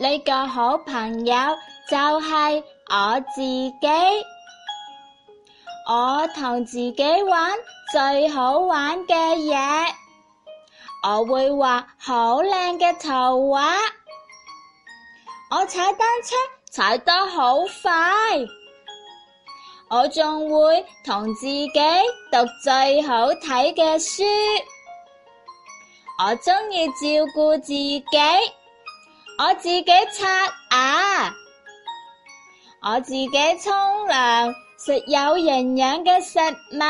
呢個好朋友就係我自己，我同自己玩最好玩嘅嘢，我會畫好靚嘅圖畫，我踩單車踩得好快，我仲會同自己讀最好睇嘅書，我鍾意照顧自己。我自己刷牙，我自己沖涼，食有營養嘅食物。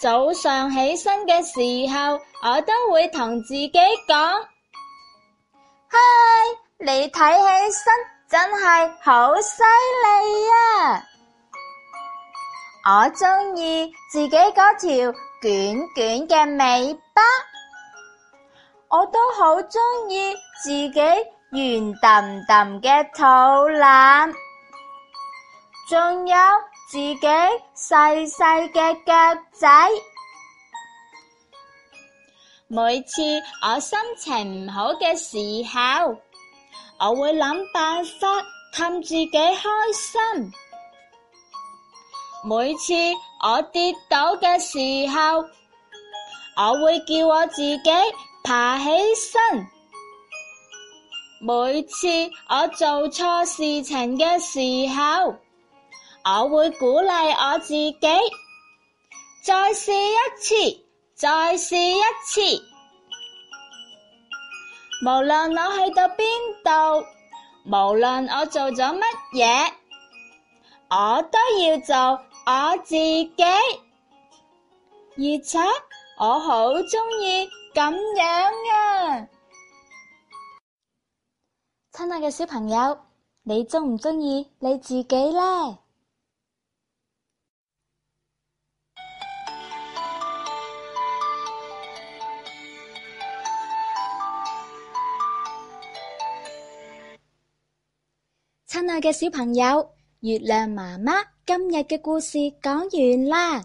早上起身嘅時候，我都會同自己講：嗨，你睇起身真係好犀利啊！我中意自己嗰條捲捲嘅尾巴。我都好中意自己圓揼揼嘅肚腩，仲有自己細細嘅腳仔。每次我心情唔好嘅時候，我會諗辦法氹自己開心。每次我跌倒嘅時候，我會叫我自己。爬起身。每次我做錯事情嘅時候，我會鼓勵我自己，再試一次，再試一次。無論我去到邊度，無論我做咗乜嘢，我都要做我自己。而且。我好鍾意咁樣啊！親愛嘅小朋友，你鍾唔鍾意你自己呢？親愛嘅小朋友，月亮媽媽今日嘅故事講完啦。